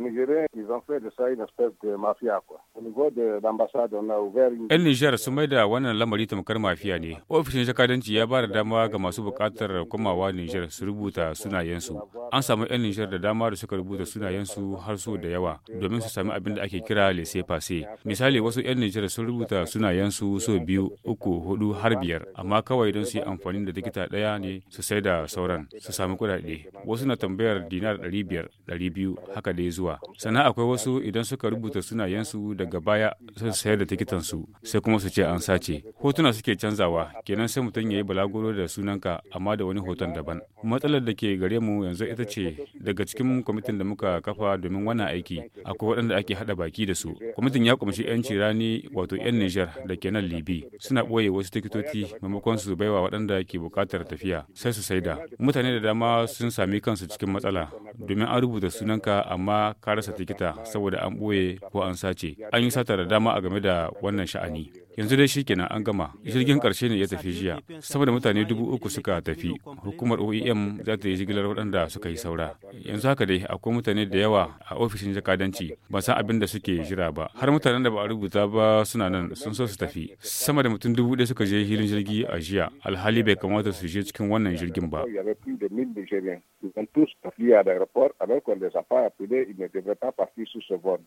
Nigériens, ils ont fait de ça une espèce de mafia, quoi. Au niveau de l'ambassade, on a ouvert une... Yan Nijar su mai da wannan lamari tamkar mafiya ne. Ofishin jakadanci ya ba da dama ga masu buƙatar komawa Nijar su rubuta sunayensu. An samu yan Nijar da dama da suka rubuta sunayensu har su da yawa domin su sami abin da ake kira lese Misali wasu yan Nijar sun rubuta sunayensu so biyu, uku, hudu har biyar, amma kawai don su yi amfani da tikita ɗaya ne su sai da sauran su sami kuɗaɗe. Wasu na tambayar dinar ɗari biyar, ɗari biyu, haka dai zuwa sayarwa sannan akwai wasu idan suka rubuta sunayensu daga baya su sayar da tikitansu sai kuma su ce an sace hotuna suke canzawa kenan sai mutum ya yi balagoro da sunanka amma da wani hoton daban matsalar da ke gare mu yanzu ita ce daga cikin kwamitin da muka kafa domin wannan aiki akwai waɗanda ake haɗa baki da su kwamitin ya kumshi 'yan cirani wato 'yan nijar da ke nan libi suna ɓoye wasu tikitoci maimakon su baiwa waɗanda ke buƙatar tafiya sai su saida mutane da dama sun sami kansu cikin matsala domin an rubuta sunanka amma ka tikita saboda an ɓoye ko an sace an yi sata da dama a game da wannan sha'ani yanzu dai shi kenan an gama jirgin karshe ne ya tafi jiya sama mutane dubu uku suka tafi hukumar oem za ta yi jigilar waɗanda suka yi saura yanzu haka dai akwai mutane da yawa a ofishin jakadanci ba san abin da suke jira ba har mutanen da ba a rubuta ba suna nan sun so su tafi sama da mutum dubu ɗaya suka je hirin jirgi a jiya alhali bai kamata su je cikin wannan jirgin ba Ils ont tous pris à l'aéroport alors qu'on les a pas appelés, ils ne devraient pas partir sous ce vol.